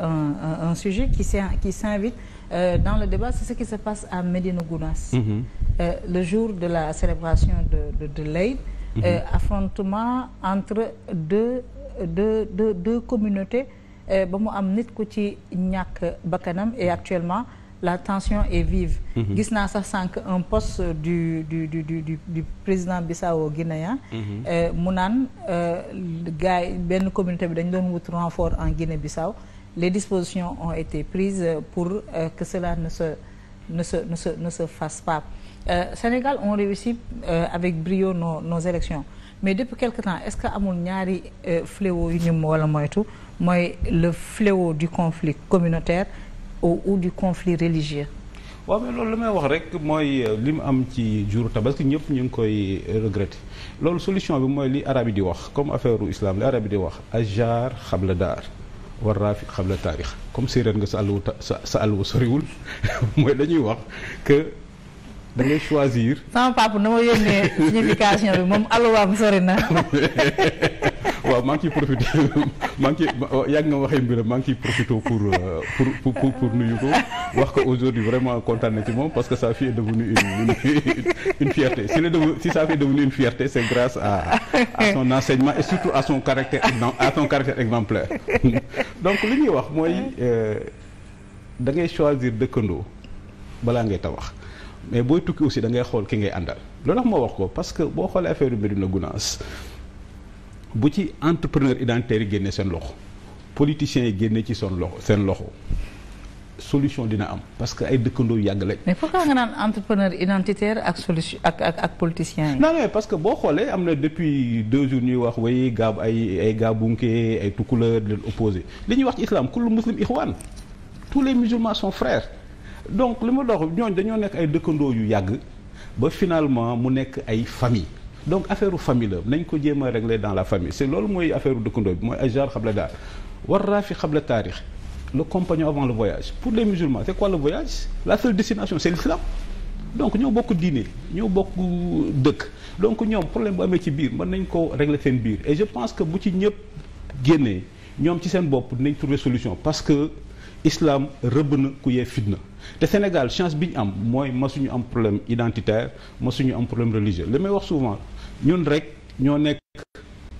un, un, un sujet qui qui s'invite euh, dans le débat c'est ce qui se passe à Médina Gounass mm-hmm. euh, le jour de la célébration de de, de l'Aïd mm -hmm. euh, affrontement entre deux deux deux, deux communautés euh, ba mu am nit ku ci ñàkk bakkanam et actuellement la tension est vive mm-hmm. gis naa sax sànq un poste du du du du du président Bissau guinéen mm-hmm. euh, mu naan gars benn communauté bi dañ doon wut renfort en Guinée-Bissau les dispositions ont été prises pour euh, que cela ne se, ne se, ne se, ne fasse pas. Euh, Sénégal on réussi euh, avec brio nos, nos élections mais depuis quelque temps est-ce que amul ñaari euh, fléau yu ñu wala moytu mooy le fléau du conflit communautaire ou, ou du conflit religieux waaw mais loolu la may wax rek mooy euh, li mu am ci jour tabaski ñëpp ñu ngi koy regretter loolu solution bi mooy li arab di wax comme affaire u islam li arab di wax ajar xabla daar war raafi xam la taarix comme séeréer nga sa àll wu sa sa àll wu soriwul mooy dañuy wax que. da choisir. sama papa na ma yónnee signification bi moom alluwaam sori na. waaw maa ngi ciy profité maa ngi ciy yàgg nga waxee mbiram maa ngi ciy profité euh, pour pour nuyu ko wax ko aujourd'hui vraiment kontaan na ci moom parce que sa fille est devenue une une fierté si la devenue si sa fille est devenue une fierté c'est grâce à à son enseignement et surtout à son caractère exemplaire donc li ñuy wax mooy euh, da ngay choisir dëkkandoo balaa ngay tabax mais booy tukki aussi dangay xool ki ngay àndal loolu tax moo wax ko parce que boo xoolee affaire yu Médina Gounass bu ci entrepreneur identitaire yi génne seen loxo politiciens yi génne ci seen loxo seen loxo solution dina am parce que ay dëkkandoo yu yàgg lañ. mais pourquoi nga naan entrepreneur ak solution ak ak ak politiciens parce que boo xoolee am na depuis deux jours ñuy wax way gaab ay ay gaabunke ay tukula di leen opposé li ñuy wax ci islam kullu muslim ixwaan tous les musulmans sont frères donc li ma dox ñooñ dañoo nekk ay dëkkandoo yu yàgg ba finalement mu nekk ay famille. donc affaire famille la nañ ko jéem a régler dans la famille c'est loolu mooy affaire dëkkandoo bi mooy ay genre xabla daal war raa fi xabla taarix le compagnon avant le voyage pour les musulmans c'est quoi le voyage la seule destination c'est l'islam donc ñoo bokk diine ñoo bokk dëkk donc ñoom problème bu amee ci biir mën nañ ko régler seen biir et je pense que bu ci ñëpp génnee ñoom ci seen bopp dinañ trouver solution parce que islam rëbb na ku yee fitna te Sénégal chance bi ñu am mooy masuñu am problème identitaire masuñu am problème religieux li may wax souvent ñun rek ñoo nekk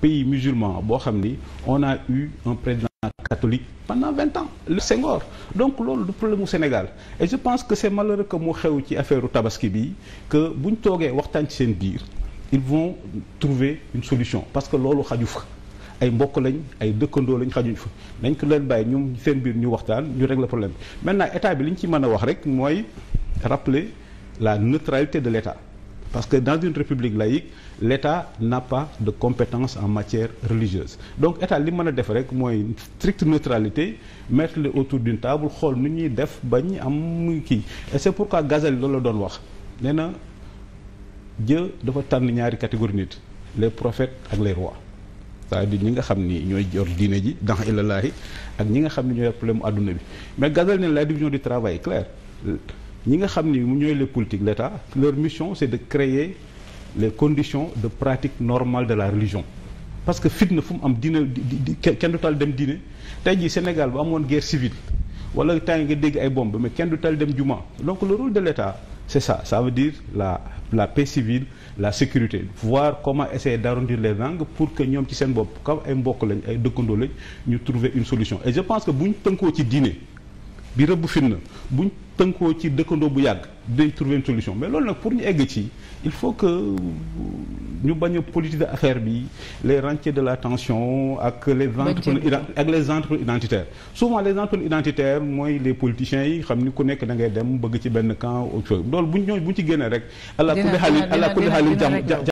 pays musulman boo xam ni on a eu un président catholique pendant vingt ans le Senghor donc loolu du problème mu Sénégal et je pense que c'est malheureux que mu xew ci affaire tabaski bi bu ñu toogee waxtaan ci seen biir ils von trouver une solution parce que loolu xaju fa ay mbokk lañ ay dëkkandoo lañ xajuñ fa nañ ko leen bàyyi ñoom seen biir ñu waxtaan ñu régler problème bi maintenant état bi li ñu ci mën a wax rek mooy rappeler la neutralité de l'état parce que dans une république laïque l'état nappa de compétence en matière religieuse donc état li mën a def rek mooy stricte neutralité mettre le autour d'une table xool nu ñuy def bañ am kii et c'est pourquoi Ghazali loolu la doon wax nee na Dieu dafa tànn ñaari catégorie nit les prophètes ak les rois cest à ñi nga xam ni ñooy jor diine ji dans ilalaahi ak ñi nga xam ne ñooy problème àdduna bi mais gazal ne la division du travail clair ñi nga xam ni ñooy les politiques l'État leur mission c'est de créer les condition de pratique normal de la religion parce que fitna fu mu am diine kenn du tal dem diine tey jii Sénégal bu amoon guerre civile wala temps nga dégg ay bombe mais kenn du tal dem juma donc le de l'État c'est ça ça veut dire la la paix civile la sécurité voir comment essayer d'arrondir les angles pour que ñoom ci seen bopp kaw ay mbokk lañ ay dëkkandoo lañ ñu trouve une solution et je pense que bu ñu tënkoo ci diine bi rëbb fin na bu ñu tënkoo ci dëkkandoo bu yàgg dinañ trouver une solution mais loolu nag pour ñu egg ci il faut que ñu bañ a politiser bi les rentiers de la tension ak les entrepreneurs ak les entrepreneurs identitaires souvent les entrepreneurs identitaires mooy les politiciens yi xam ni ku nekk da ngay dem bëgg ci benn camp autre chose loolu buñ ñooñu buñ ci génnee rek àla kulli xaalis àla kulli xaalis jàmm